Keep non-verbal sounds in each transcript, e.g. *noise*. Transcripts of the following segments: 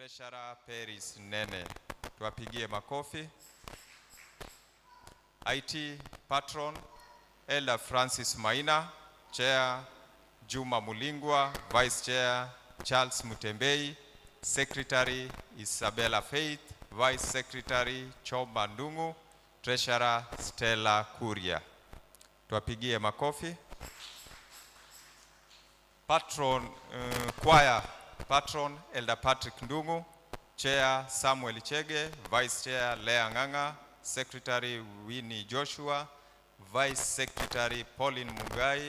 Treasurer Paris Nene, tuwapigie makofi. IT Patron Ella Francis Maina, Chair Juma Mulingwa, Vice Chair Charles Mutembei, Secretary Isabella Faith, Vice Secretary Chomba Ndungu, Treasurer Stella Kuria. Tuwapigie makofi. Patron uh, Choir patron Elder Patrick Ndungu, Chair Samuel Chege, Vice Chair Lea Ng'ang'a, Secretary Winnie Joshua, Vice Secretary Pauline Mugai,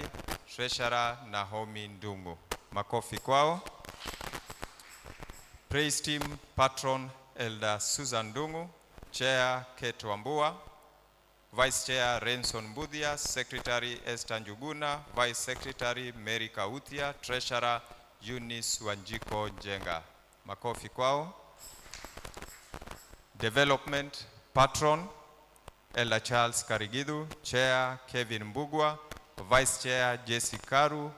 Treasurer Naomi Ndungu. Makofi kwao. Praise Team Patron Elder Susan Ndungu, Chair Kate Wambua, Vice Chair Renson Budhia, Secretary Esther Njuguna, Vice Secretary Mary Kauthia, Treasurer Eunice Wanjiko Njenga. Makofi kwao. Development Patron Elder Charles Karigidu, Chair Kevin Mbugwa, Vice Chair Jesse Karu,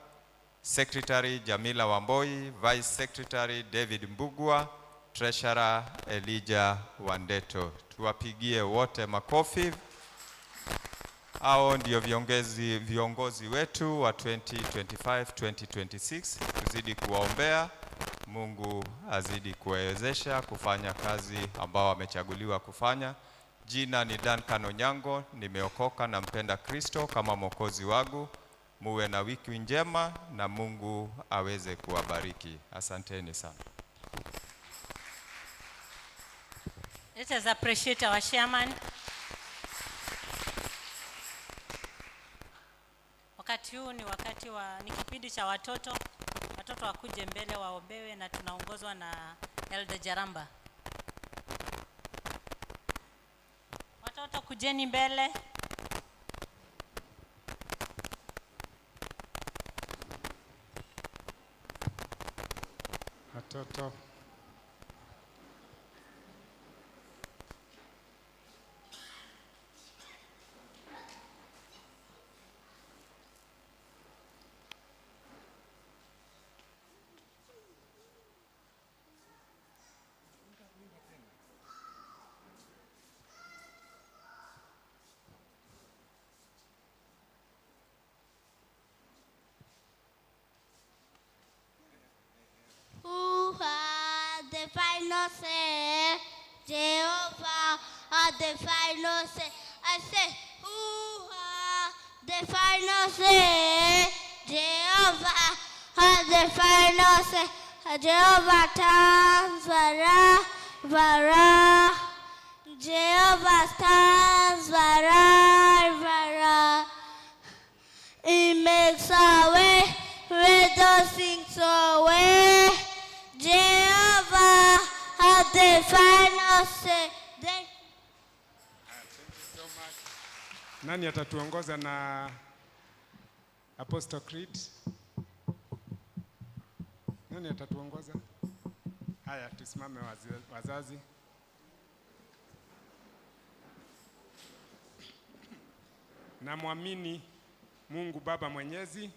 Secretary Jamila Wamboi, Vice Secretary David Mbugwa, Treasurer Elijah Wandeto. Tuwapigie wote makofi. Hao ndio viongozi, viongozi wetu wa 2025 2026. Tuzidi kuwaombea Mungu azidi kuwawezesha kufanya kazi ambao wamechaguliwa kufanya. Jina ni Duncan Onyango, nimeokoka na mpenda Kristo kama mwokozi wangu. Muwe na wiki njema na Mungu aweze kuwabariki. Asanteni sana. Let us appreciate our chairman. wakati huu ni wakati wa ni kipindi cha watoto, watoto wakuje mbele waombewe, na tunaongozwa na Elder Jaramba. Watoto kujeni mbele. Watoto sé, Jehová, a defy no sé. I say, who defy no sé, Jehová, a defy no sé. Jehová stands vara, vara. Jehovah stands vara, vara. He makes a way where those things away. nani atatuongoza na Apostle Creed? Nani atatuongoza? Haya, tusimame wazazi. Namwamini Mungu Baba Mwenyezi,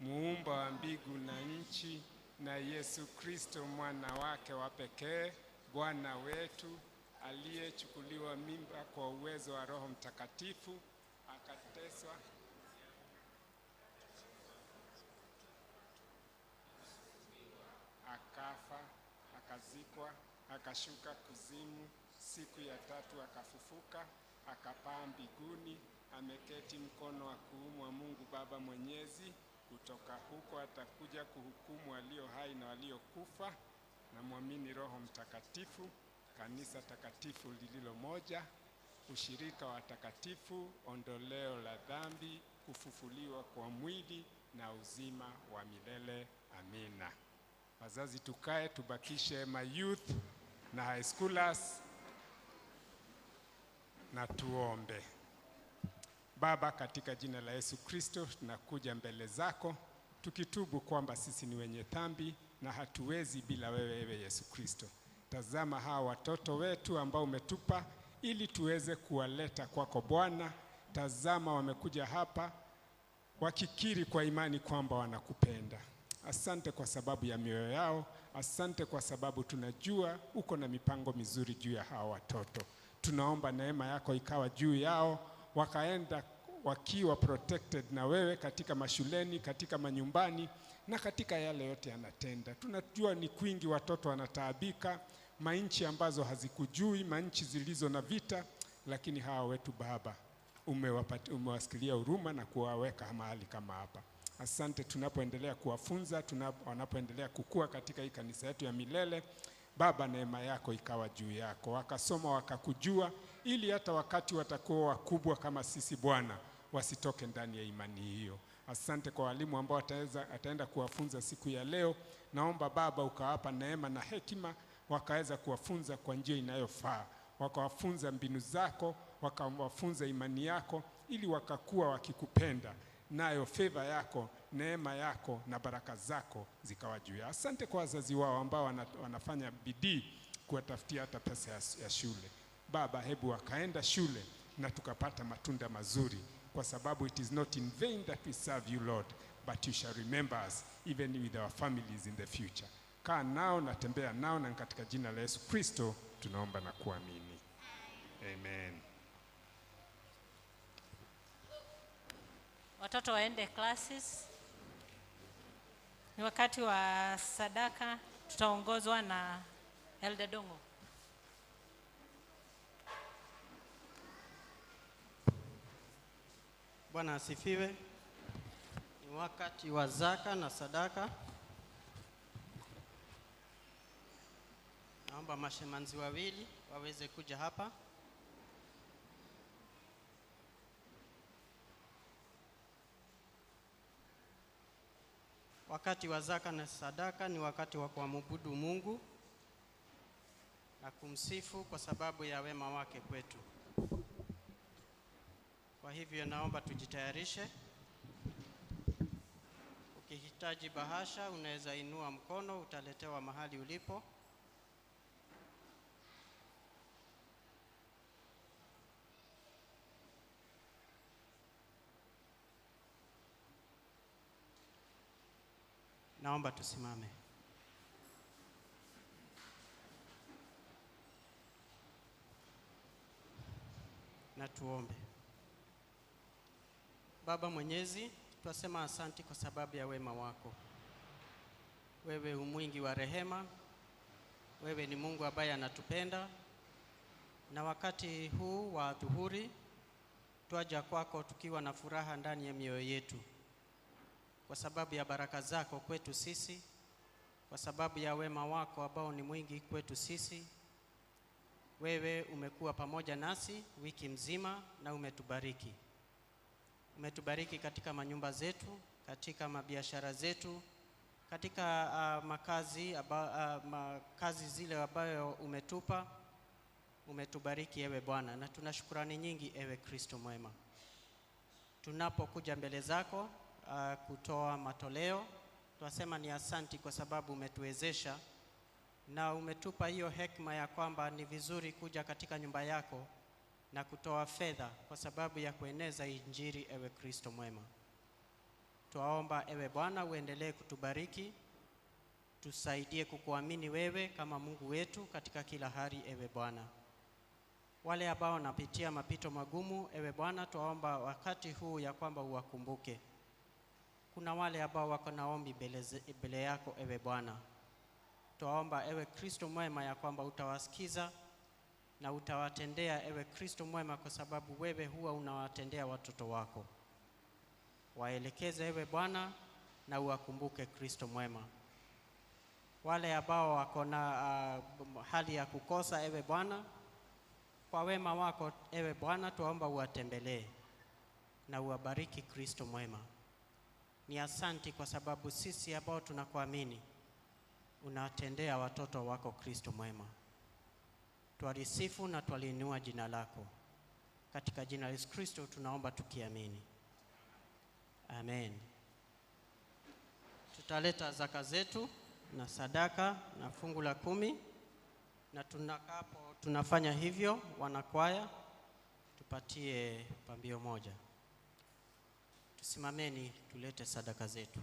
muumba wa mbingu na nchi, na Yesu Kristo mwana wake wa pekee Bwana wetu aliyechukuliwa mimba kwa uwezo wa Roho Mtakatifu akateswa akafa akazikwa akashuka kuzimu, siku ya tatu akafufuka akapaa mbinguni, ameketi mkono wa kuume wa Mungu Baba Mwenyezi. Kutoka huko atakuja kuhukumu walio hai na waliokufa namwamini Roho Mtakatifu, kanisa takatifu lililo moja, ushirika wa takatifu, ondoleo la dhambi, kufufuliwa kwa mwili na uzima wa milele. Amina. Wazazi, tukae tubakishe youth na high schoolers na tuombe. Baba, katika jina la Yesu Kristo, tunakuja mbele zako tukitubu kwamba sisi ni wenye dhambi na hatuwezi bila wewe, ewe Yesu Kristo. Tazama hawa watoto wetu ambao umetupa ili tuweze kuwaleta kwako Bwana. Tazama wamekuja hapa wakikiri kwa imani kwamba wanakupenda. Asante kwa sababu ya mioyo yao. Asante kwa sababu tunajua uko na mipango mizuri juu ya hawa watoto. Tunaomba neema yako ikawa juu yao, wakaenda wakiwa protected na wewe katika mashuleni, katika manyumbani na katika yale yote yanatenda. Tunajua ni kwingi watoto wanataabika manchi ambazo hazikujui, manchi zilizo na vita, lakini hawa wetu Baba umewasikilia huruma na kuwaweka mahali kama hapa. Asante, tunapoendelea kuwafunza, wanapoendelea kukua katika hii kanisa yetu ya milele Baba, neema yako ikawa juu yako, wakasoma wakakujua, ili hata wakati watakuwa wakubwa kama sisi Bwana wasitoke ndani ya imani hiyo. Asante kwa walimu ambao ataenda kuwafunza siku ya leo. Naomba Baba ukawapa neema na hekima, wakaweza kuwafunza kwa njia inayofaa, wakawafunza mbinu zako, wakawafunza imani yako, ili wakakuwa wakikupenda, nayo fedha yako, neema yako na baraka zako zikawa juu yao. Asante kwa wazazi wao ambao wanafanya bidii kuwatafutia hata pesa ya, ya shule. Baba, hebu wakaenda shule na tukapata matunda mazuri kwa sababu it is not in vain that we serve you Lord but you shall remember us even with our families in the future. Kaa nao na tembea nao, na katika jina la Yesu Kristo tunaomba na kuamini, amen. Watoto waende classes. Ni wakati wa sadaka, tutaongozwa na Elder Dongo. Bwana asifiwe. Ni wakati wa zaka na sadaka. Naomba mashemanzi wawili waweze kuja hapa. Wakati wa zaka na sadaka ni wakati wa kumwabudu Mungu na kumsifu kwa sababu ya wema wake kwetu. Kwa hivyo naomba tujitayarishe. Ukihitaji bahasha unaweza inua mkono, utaletewa mahali ulipo. Naomba tusimame. Na tuombe. Baba Mwenyezi, twasema asanti kwa sababu ya wema wako. Wewe umwingi wa rehema, wewe ni Mungu ambaye anatupenda, na wakati huu wa dhuhuri twaja kwako tukiwa na furaha ndani ya mioyo yetu, kwa sababu ya baraka zako kwetu sisi, kwa sababu ya wema wako ambao ni mwingi kwetu sisi. Wewe umekuwa pamoja nasi wiki mzima na umetubariki umetubariki katika manyumba zetu, katika mabiashara zetu, katika uh, makazi, aba, uh, makazi zile ambayo umetupa. Umetubariki ewe Bwana, na tuna shukurani nyingi ewe Kristo mwema. Tunapokuja mbele zako uh, kutoa matoleo, twasema ni asanti kwa sababu umetuwezesha na umetupa hiyo hekima ya kwamba ni vizuri kuja katika nyumba yako na kutoa fedha kwa sababu ya kueneza Injili. Ewe Kristo mwema, twaomba ewe Bwana uendelee kutubariki, tusaidie kukuamini wewe kama Mungu wetu katika kila hali. Ewe Bwana, wale ambao wanapitia mapito magumu, ewe Bwana, twaomba wakati huu ya kwamba uwakumbuke. Kuna wale ambao wako na ombi mbele yako, ewe Bwana, twaomba ewe Kristo mwema ya kwamba utawasikiza na utawatendea ewe Kristo mwema, kwa sababu wewe huwa unawatendea watoto wako. Waelekeze ewe Bwana na uwakumbuke Kristo mwema. Wale ambao wako na uh, hali ya kukosa, ewe Bwana, kwa wema wako ewe Bwana, twaomba uwatembelee na uwabariki Kristo mwema. Ni asanti kwa sababu sisi ambao tunakuamini unawatendea watoto wako Kristo mwema. Twalisifu na twaliinua jina lako katika jina la Yesu Kristo tunaomba tukiamini, amen. Tutaleta zaka zetu na sadaka na fungu la kumi, na tunakapo tunafanya hivyo, wanakwaya tupatie pambio moja. Tusimameni tulete sadaka zetu.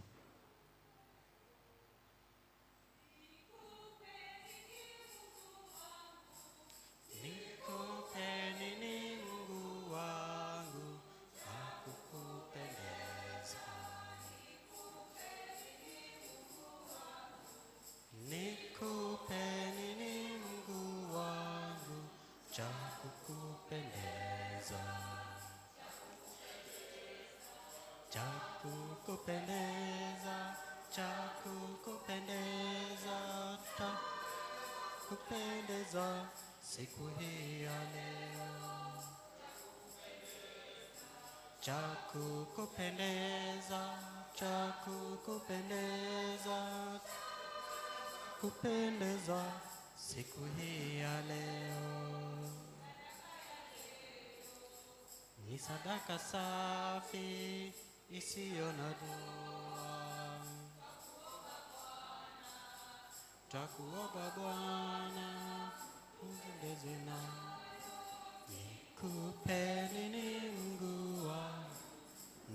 kupendeza siku hii ya leo, cha kukupendeza, cha kukupendeza, kupendeza siku hii ya leo ni sadaka safi isiyo na dua Twakuomba Bwana upendezwe na nikupeni Mungu wangu,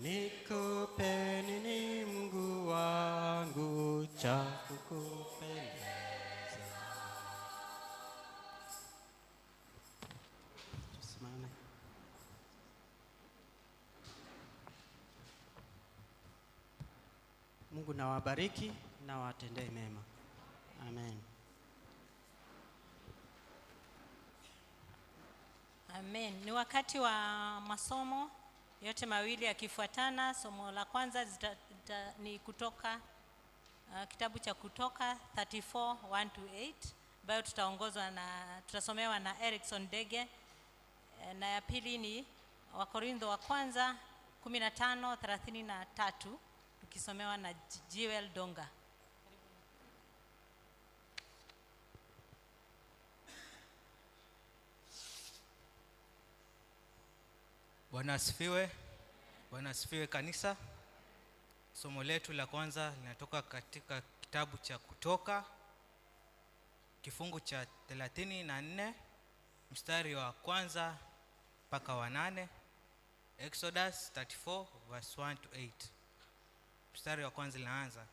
nikupeni Mungu wangu cha kukupendeza. Mungu nawabariki na watendee mema. Amen. Amen. Ni wakati wa masomo yote mawili yakifuatana. Somo la kwanza zita, zita, ni kutoka uh, kitabu cha Kutoka 34 1 to 8 ambayo tutaongozwa na tutasomewa na Erickson Dege, e, na ya pili ni Wakorintho wa kwanza 15 33 tukisomewa na Jewel Donga. Bwana asifiwe. Bwana asifiwe kanisa. Somo letu la kwanza linatoka katika kitabu cha Kutoka kifungu cha 34 mstari wa kwanza mpaka wa nane. Exodus 34 verse 1 to 8. Mstari wa kwanza linaanza,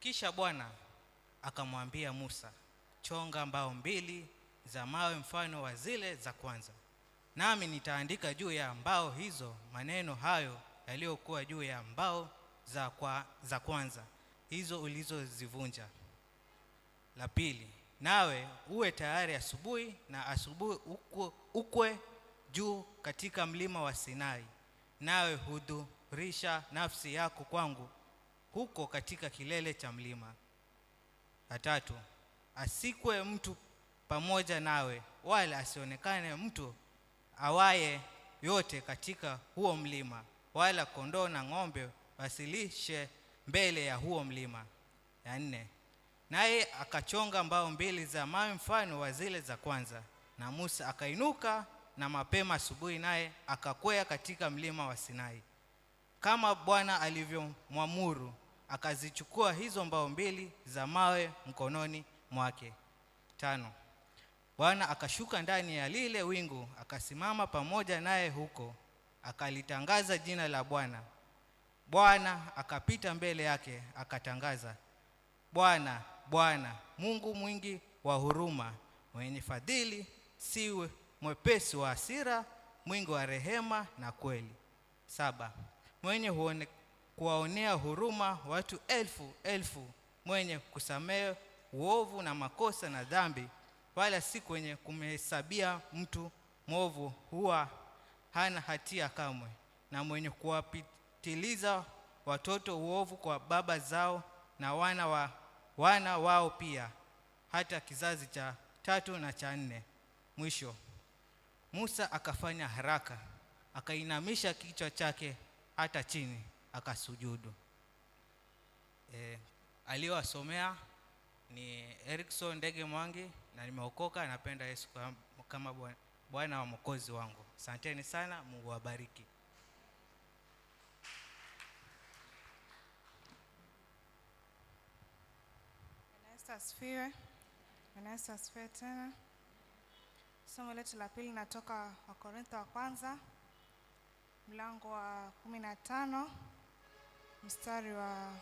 kisha Bwana akamwambia Musa, chonga mbao mbili za mawe mfano wa zile za kwanza nami nitaandika juu ya mbao hizo maneno hayo yaliyokuwa juu ya mbao za, kwa, za kwanza hizo ulizozivunja. La pili, nawe uwe tayari asubuhi na asubuhi ukwe, ukwe juu katika mlima wa Sinai, nawe hudhurisha nafsi yako kwangu huko katika kilele cha mlima. La tatu, asikwe mtu pamoja nawe, wala asionekane mtu awaye yote katika huo mlima, wala kondoo na ng'ombe wasilishe mbele ya huo mlima. Ya nne, naye akachonga mbao mbili za mawe mfano wa zile za kwanza, na Musa akainuka na mapema asubuhi, naye akakwea katika mlima wa Sinai kama Bwana alivyomwamuru, akazichukua hizo mbao mbili za mawe mkononi mwake. Tano. Bwana akashuka ndani ya lile wingu, akasimama pamoja naye huko, akalitangaza jina la Bwana. Bwana akapita mbele yake, akatangaza, Bwana, Bwana Mungu mwingi wa huruma, mwenye fadhili, siwe mwepesi wa hasira, mwingi wa rehema na kweli. Saba, mwenye huone, kuwaonea huruma watu elfu elfu, mwenye kusamehe uovu na makosa na dhambi wala si kwenye kumhesabia mtu mwovu, huwa hana hatia kamwe. Na mwenye kuwapitiliza watoto uovu kwa baba zao na wana, wa, wana wao pia, hata kizazi cha tatu na cha nne. Mwisho, Musa akafanya haraka, akainamisha kichwa chake hata chini, akasujudu. E, eh, aliyowasomea ni Erickson Ndege Mwangi na nimeokoka, napenda Yesu kama Bwana wa mokozi wangu. Asanteni sana, Mungu wabariki. Asifiwe. Bwana asifiwe tena. Somo letu la pili natoka Wakorintho wa kwanza mlango wa kumi na tano mstari wa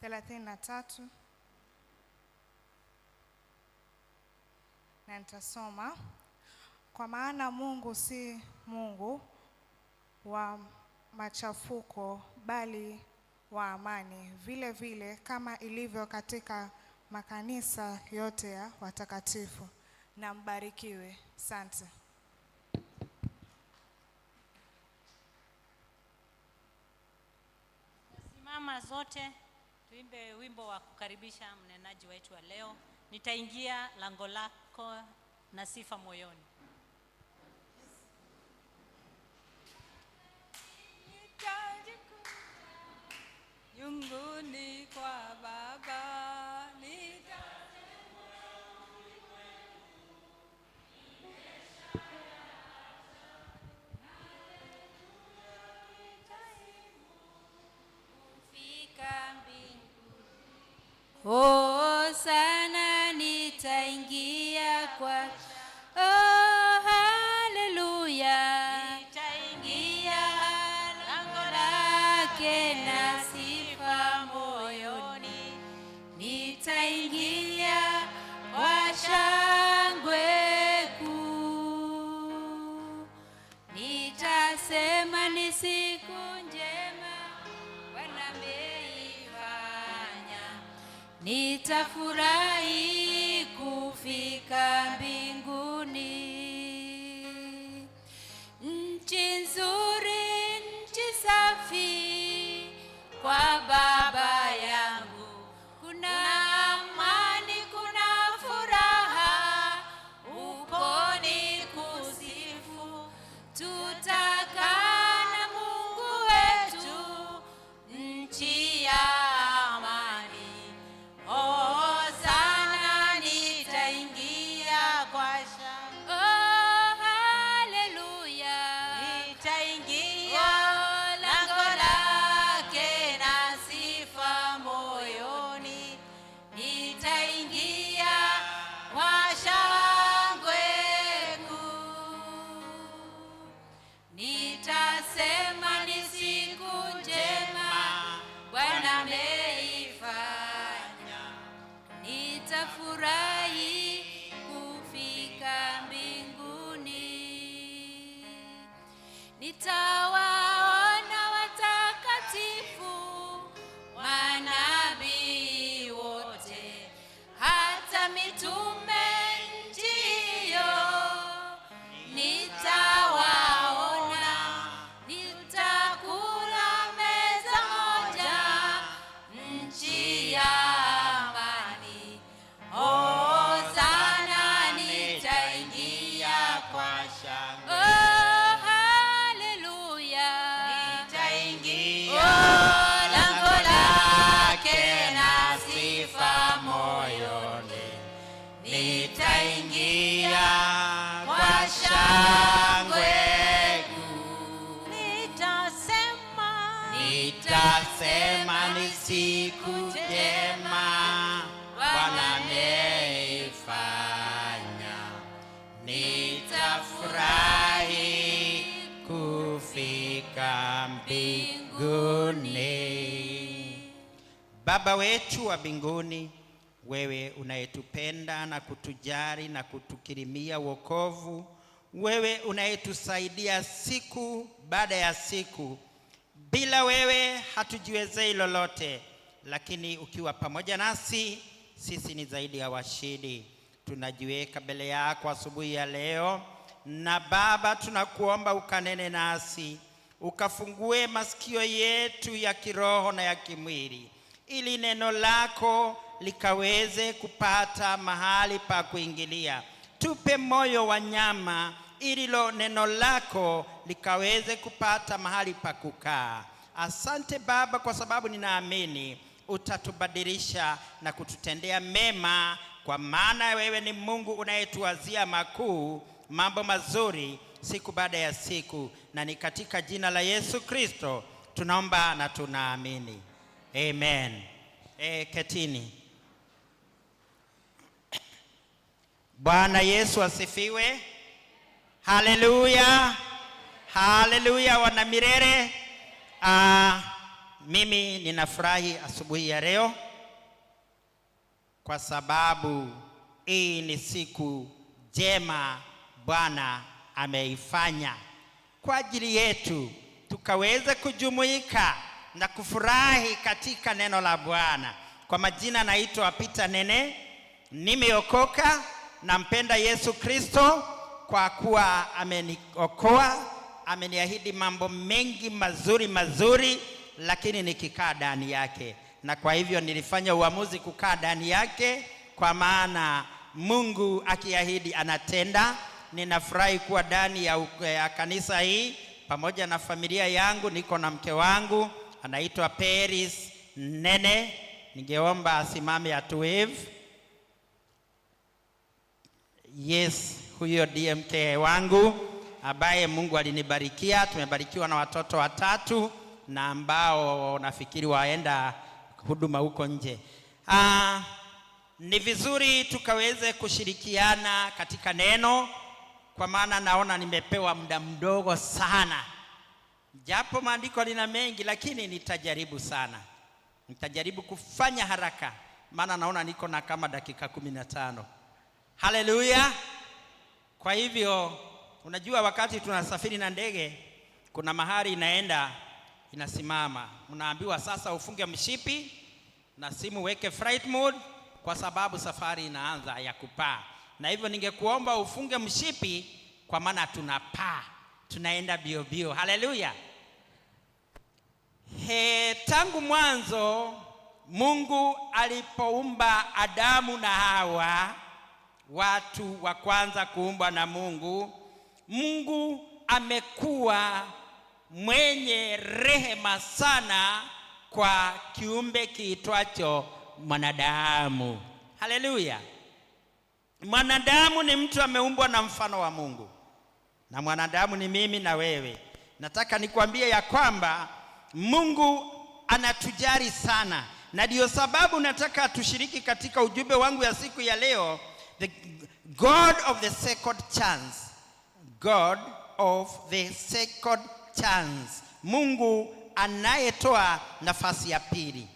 thelathini na tatu na nitasoma kwa maana Mungu si Mungu wa machafuko bali wa amani, vile vile kama ilivyo katika makanisa yote ya watakatifu. Na mbarikiwe. sante Simama zote tuimbe wimbo wa kukaribisha mnenaji wetu wa leo nitaingia lango lako na sifa moyoni. Nyumbuni kwa Baba Oh. Baba wetu wa mbinguni, wewe unayetupenda na kutujali na kutukirimia wokovu, wewe unayetusaidia siku baada ya siku. Bila wewe hatujiwezei lolote, lakini ukiwa pamoja nasi sisi ni zaidi ya washindi. Tunajiweka mbele yako asubuhi ya leo, na Baba tunakuomba ukanene nasi, ukafungue masikio yetu ya kiroho na ya kimwili ili neno lako likaweze kupata mahali pa kuingilia. Tupe moyo wa nyama ili lo neno lako likaweze kupata mahali pa kukaa. Asante Baba, kwa sababu ninaamini utatubadilisha na kututendea mema, kwa maana wewe ni Mungu unayetuwazia makuu, mambo mazuri siku baada ya siku, na ni katika jina la Yesu Kristo tunaomba na tunaamini. Amen. E, ketini. Bwana Yesu asifiwe. Haleluya, haleluya wana Mirere. Ah, mimi ninafurahi asubuhi ya leo kwa sababu hii ni siku njema Bwana ameifanya kwa ajili yetu tukaweza kujumuika na kufurahi katika neno la Bwana. Kwa majina naitwa Peter Nene, nimeokoka, nampenda Yesu Kristo kwa kuwa ameniokoa, ameniahidi mambo mengi mazuri mazuri, lakini nikikaa ndani yake, na kwa hivyo nilifanya uamuzi kukaa ndani yake, kwa maana Mungu akiahidi anatenda. Ninafurahi kuwa ndani ya, ya kanisa hii pamoja na familia yangu, niko na mke wangu anaitwa Paris Nene. Ningeomba asimame atu wave. Yes, huyo DMK wangu ambaye Mungu alinibarikia. Tumebarikiwa na watoto watatu na ambao nafikiri waenda huduma huko nje. Ah, ni vizuri tukaweze kushirikiana katika neno, kwa maana naona nimepewa muda mdogo sana Japo maandiko lina mengi, lakini nitajaribu sana, nitajaribu kufanya haraka, maana naona niko na kama dakika kumi na tano. Haleluya! Kwa hivyo unajua, wakati tunasafiri na ndege kuna mahali inaenda inasimama, unaambiwa sasa ufunge mshipi na simu weke flight mode, kwa sababu safari inaanza ya kupaa. Na hivyo ningekuomba ufunge mshipi, kwa maana tunapaa tunaenda bio bio. Haleluya! He, tangu mwanzo Mungu alipoumba Adamu na Hawa, watu wa kwanza kuumbwa na Mungu, Mungu amekuwa mwenye rehema sana kwa kiumbe kiitwacho mwanadamu. Haleluya! Mwanadamu ni mtu ameumbwa na mfano wa Mungu na mwanadamu ni mimi na wewe. Nataka nikwambie ya kwamba Mungu anatujali sana, na ndiyo sababu nataka tushiriki katika ujumbe wangu ya siku ya leo, the God of the second chance, God of the second chance, Mungu anayetoa nafasi ya pili,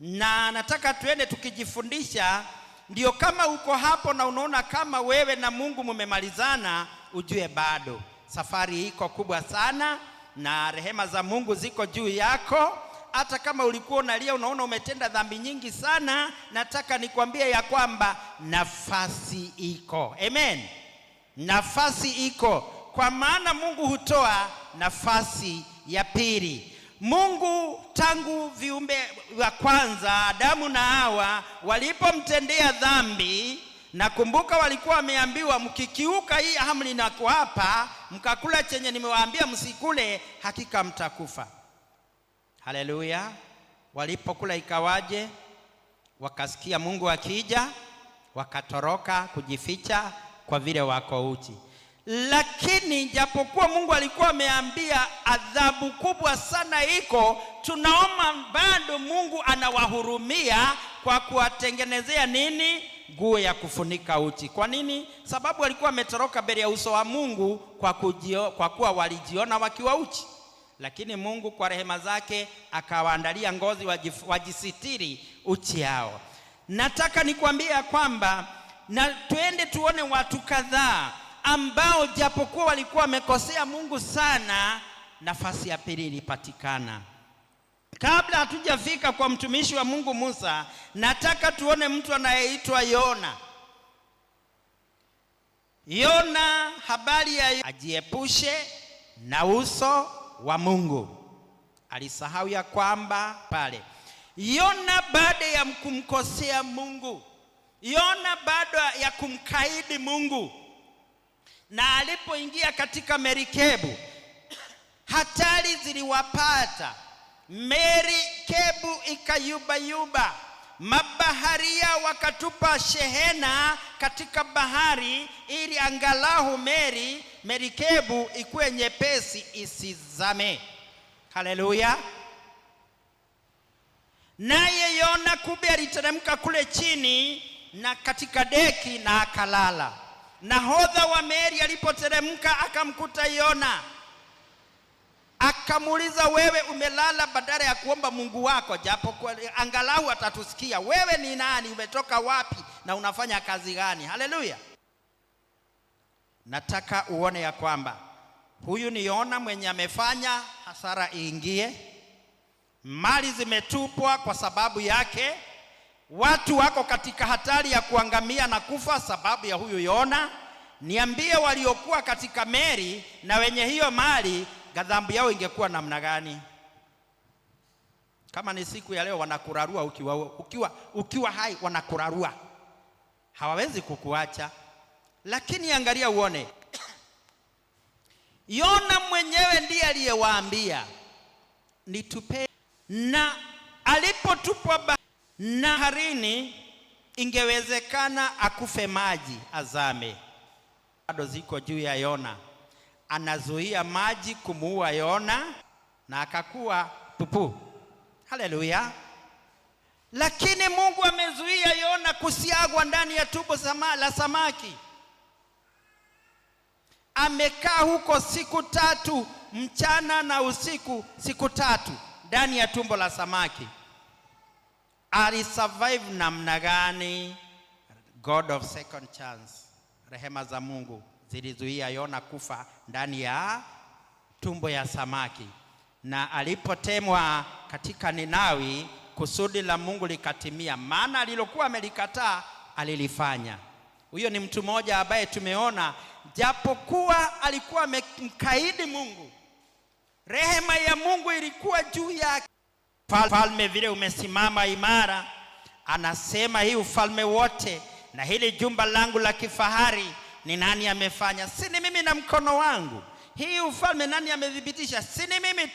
na nataka tuende tukijifundisha ndio kama uko hapo na unaona kama wewe na Mungu mumemalizana, ujue bado safari iko kubwa sana, na rehema za Mungu ziko juu yako. Hata kama ulikuwa unalia, unaona umetenda dhambi nyingi sana, nataka nikwambie ya kwamba nafasi iko. Amen, nafasi iko, kwa maana Mungu hutoa nafasi ya pili. Mungu tangu viumbe wa kwanza Adamu na Hawa walipomtendea dhambi, na kumbuka, walikuwa wameambiwa mkikiuka hii amri na kuapa mkakula chenye nimewaambia msikule, hakika mtakufa. Haleluya! Walipokula ikawaje? Wakasikia Mungu akija, wakatoroka kujificha kwa vile wako uchi. Lakini japokuwa Mungu alikuwa ameambia adhabu kubwa sana iko, tunaomba bado Mungu anawahurumia kwa kuwatengenezea nini, nguo ya kufunika uchi. Kwa nini? Sababu walikuwa wametoroka mbele ya uso wa Mungu kwa, kujio, kwa kuwa walijiona wakiwa uchi, lakini Mungu kwa rehema zake akawaandalia ngozi wajisitiri uchi yao. Nataka nikuambia ya kwamba na twende tuone watu kadhaa ambao japokuwa walikuwa wamekosea Mungu sana, nafasi ya pili ilipatikana. Kabla hatujafika kwa mtumishi wa Mungu Musa, nataka tuone mtu anayeitwa Yona. Yona, habari ya yu... ajiepushe na uso wa Mungu. Alisahau ya kwamba pale Yona baada ya kumkosea Mungu, Yona baada ya kumkaidi Mungu na alipoingia katika merikebu, hatari ziliwapata, merikebu ikayubayuba, mabaharia wakatupa shehena katika bahari, ili angalau meri merikebu ikuwe nyepesi isizame. Haleluya! Naye Yona kumbe aliteremka kule chini na katika deki na akalala nahodha wa meli alipoteremka akamkuta Yona, akamuuliza wewe umelala badala ya kuomba Mungu wako, japo angalau atatusikia. Wewe ni nani? Umetoka wapi? Na unafanya kazi gani? Haleluya! Nataka uone ya kwamba huyu ni Yona mwenye amefanya hasara iingie, mali zimetupwa kwa sababu yake. Watu wako katika hatari ya kuangamia na kufa sababu ya huyu Yona. Niambie waliokuwa katika meli na wenye hiyo mali, ghadhabu yao ingekuwa namna gani? Kama ni siku ya leo wanakurarua ukiwa, ukiwa, ukiwa hai wanakurarua, hawawezi kukuacha. Lakini angalia uone *coughs* Yona mwenyewe ndiye aliyewaambia nitupe, na alipotupwa Naharini ingewezekana akufe maji azame, bado ziko juu ya Yona. Anazuia maji kumuua Yona na akakuwa pupu. Haleluya! Lakini Mungu amezuia Yona kusiagwa ndani ya tumbo la samaki. Amekaa huko siku tatu, mchana na usiku, siku tatu ndani ya tumbo la samaki alisurvive namna gani? God of second chance, rehema za Mungu zilizuia Yona kufa ndani ya tumbo ya samaki, na alipotemwa katika Ninawi, kusudi la Mungu likatimia, maana alilokuwa amelikataa alilifanya. Huyo ni mtu mmoja ambaye tumeona, japokuwa alikuwa amemkaidi Mungu, rehema ya Mungu ilikuwa juu yake. Falme vile umesimama imara, anasema hii ufalme wote na hili jumba langu la kifahari ni nani amefanya? Si ni mimi na mkono wangu. Hii ufalme nani amethibitisha? Si ni mimi tu.